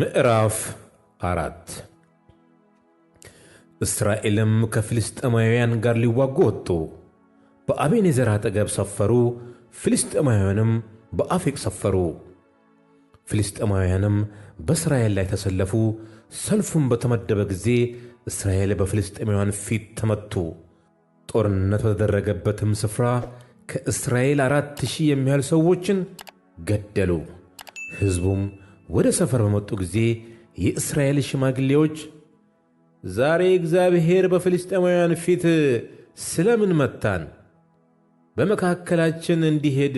ምዕራፍ አራት እስራኤልም ከፍልስጥኤማውያን ጋር ሊዋጉ ወጡ። በአቤኔዘር አጠገብ ሰፈሩ፣ ፍልስጥኤማውያንም በአፌቅ ሰፈሩ። ፍልስጥኤማውያንም በእስራኤል ላይ ተሰለፉ። ሰልፉም በተመደበ ጊዜ እስራኤል በፍልስጥኤማውያን ፊት ተመቱ። ጦርነት በተደረገበትም ስፍራ ከእስራኤል አራት ሺህ የሚያህል ሰዎችን ገደሉ። ሕዝቡም ወደ ሰፈር በመጡ ጊዜ የእስራኤል ሽማግሌዎች ዛሬ እግዚአብሔር በፍልስጤማውያን ፊት ስለምን መታን? በመካከላችን እንዲሄድ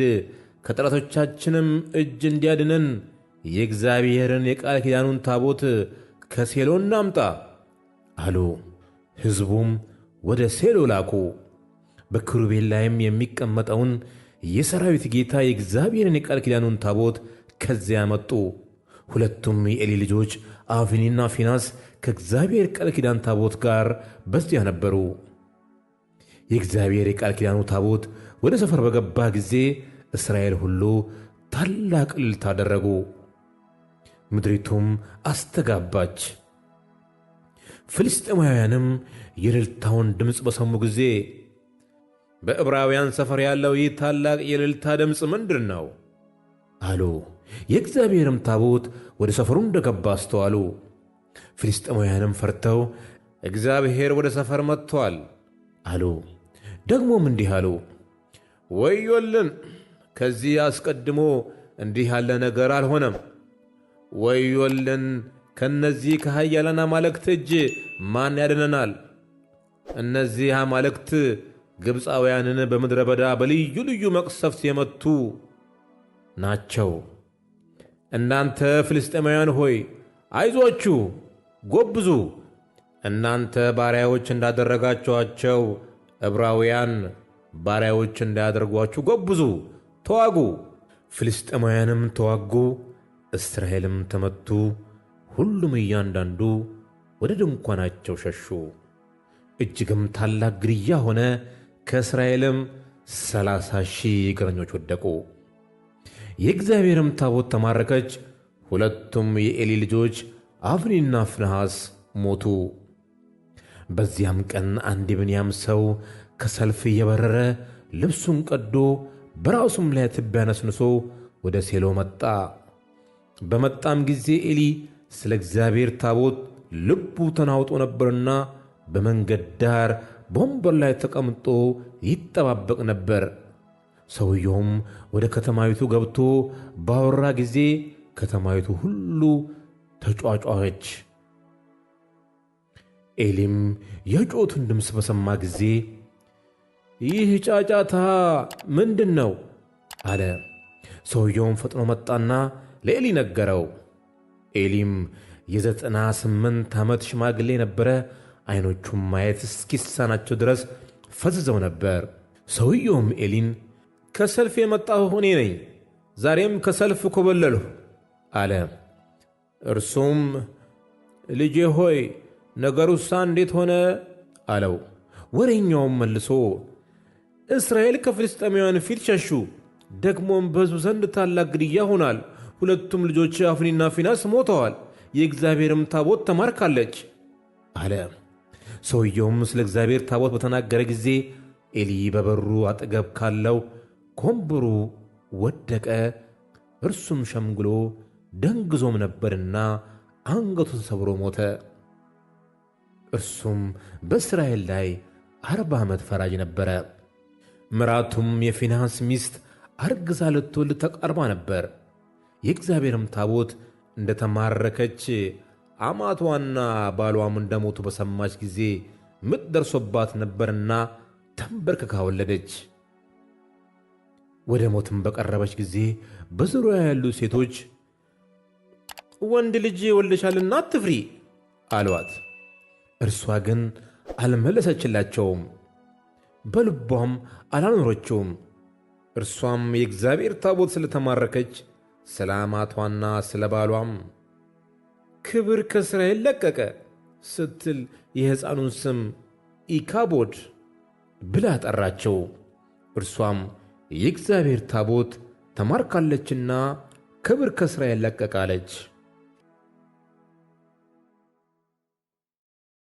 ከጠላቶቻችንም እጅ እንዲያድነን የእግዚአብሔርን የቃል ኪዳኑን ታቦት ከሴሎ እናምጣ አሉ። ሕዝቡም ወደ ሴሎ ላኩ። በክሩቤል ላይም የሚቀመጠውን የሰራዊት ጌታ የእግዚአብሔርን የቃል ኪዳኑን ታቦት ከዚያ መጡ። ሁለቱም የኤሊ ልጆች አፍኒና ፊናስ ከእግዚአብሔር ቃል ኪዳን ታቦት ጋር በዚያ ነበሩ። የእግዚአብሔር የቃል ኪዳኑ ታቦት ወደ ሰፈር በገባ ጊዜ እስራኤል ሁሉ ታላቅ እልልታ አደረጉ። ምድሪቱም አስተጋባች። ፍልስጥኤማውያንም የእልልታውን ድምፅ በሰሙ ጊዜ በዕብራውያን ሰፈር ያለው ይህ ታላቅ የእልልታ ድምፅ ምንድር ነው? አሉ። የእግዚአብሔርም ታቦት ወደ ሰፈሩ እንደገባ አስተዋሉ። ፍልስጥኤማውያንም ፈርተው እግዚአብሔር ወደ ሰፈር መጥቷል አሉ። ደግሞም እንዲህ አሉ፣ ወዮልን! ከዚህ አስቀድሞ እንዲህ ያለ ነገር አልሆነም። ወዮልን! ከነዚህ ከኃያላን አማልክት እጅ ማን ያድነናል? እነዚህ አማልክት ግብፃውያንን በምድረ በዳ በልዩ ልዩ መቅሰፍት የመቱ ናቸው። እናንተ ፍልስጥኤማውያን ሆይ አይዞችሁ፣ ጎብዙ፣ እናንተ ባሪያዎች እንዳደረጋችኋቸው ዕብራውያን ባሪያዎች እንዳያደርጓችሁ ጎብዙ፣ ተዋጉ። ፍልስጥኤማውያንም ተዋጉ፣ እስራኤልም ተመቱ፣ ሁሉም እያንዳንዱ ወደ ድንኳናቸው ሸሹ። እጅግም ታላቅ ግድያ ሆነ። ከእስራኤልም ሰላሳ ሺህ እግረኞች ወደቁ። የእግዚአብሔርም ታቦት ተማረከች። ሁለቱም የኤሊ ልጆች አፍኒና ፍንሐስ ሞቱ። በዚያም ቀን አንድ የብንያም ሰው ከሰልፍ እየበረረ ልብሱን ቀዶ በራሱም ላይ ትቢያ ነስንሶ ወደ ሴሎ መጣ። በመጣም ጊዜ ኤሊ ስለ እግዚአብሔር ታቦት ልቡ ተናውጦ ነበርና በመንገድ ዳር በወንበር ላይ ተቀምጦ ይጠባበቅ ነበር። ሰውየውም ወደ ከተማይቱ ገብቶ ባወራ ጊዜ ከተማይቱ ሁሉ ተጯጯኸች። ኤሊም የጮቱን ድምፅ በሰማ ጊዜ ይህ ጫጫታ ምንድን ነው? አለ። ሰውየውም ፈጥኖ መጣና ለኤሊ ነገረው። ኤሊም የዘጠና ስምንት ዓመት ሽማግሌ ነበረ። አይኖቹም ማየት እስኪሳናቸው ድረስ ፈዝዘው ነበር። ሰውየውም ኤሊን ከሰልፍ የመጣሁ እኔ ነኝ፣ ዛሬም ከሰልፍ ኮበለልሁ አለ። እርሱም ልጄ ሆይ ነገሩሳ እንዴት ሆነ አለው። ወሬኛውም መልሶ እስራኤል ከፍልስጥኤማውያን ፊት ሸሹ፣ ደግሞም በሕዝቡ ዘንድ ታላቅ ግድያ ሆኗል። ሁለቱም ልጆች አፍኒና ፊናስ ሞተዋል፣ የእግዚአብሔርም ታቦት ተማርካለች አለ። ሰውየውም ስለ እግዚአብሔር ታቦት በተናገረ ጊዜ ኤሊ በበሩ አጠገብ ካለው ኮምብሩ ወደቀ። እርሱም ሸምግሎ ደንግዞም ነበርና አንገቱ ተሰብሮ ሞተ። እርሱም በእስራኤል ላይ አርባ ዓመት ፈራጅ ነበረ። ምራቱም የፊንሐስ ሚስት አርግዛ ልትወልድ ተቃርባ ነበር። የእግዚአብሔርም ታቦት እንደ ተማረከች አማቷና ባሏም እንደ ሞቱ በሰማች ጊዜ ምጥ ደርሶባት ነበርና ተንበርክካ ወለደች። ወደ ሞትም በቀረበች ጊዜ በዙሪያ ያሉ ሴቶች ወንድ ልጅ ወልደሻልና አትፍሪ አሏት። እርሷ ግን አልመለሰችላቸውም፣ በልቧም አላኖረችውም። እርሷም የእግዚአብሔር ታቦት ስለተማረከች ስለ አማቷና ስለ ባሏም ክብር ከእስራኤል ለቀቀ ስትል የሕፃኑን ስም ኢካቦድ ብላ ጠራቸው። እርሷም የእግዚአብሔር ታቦት ተማርካለችና ክብር ከእስራኤል ለቀቃለች።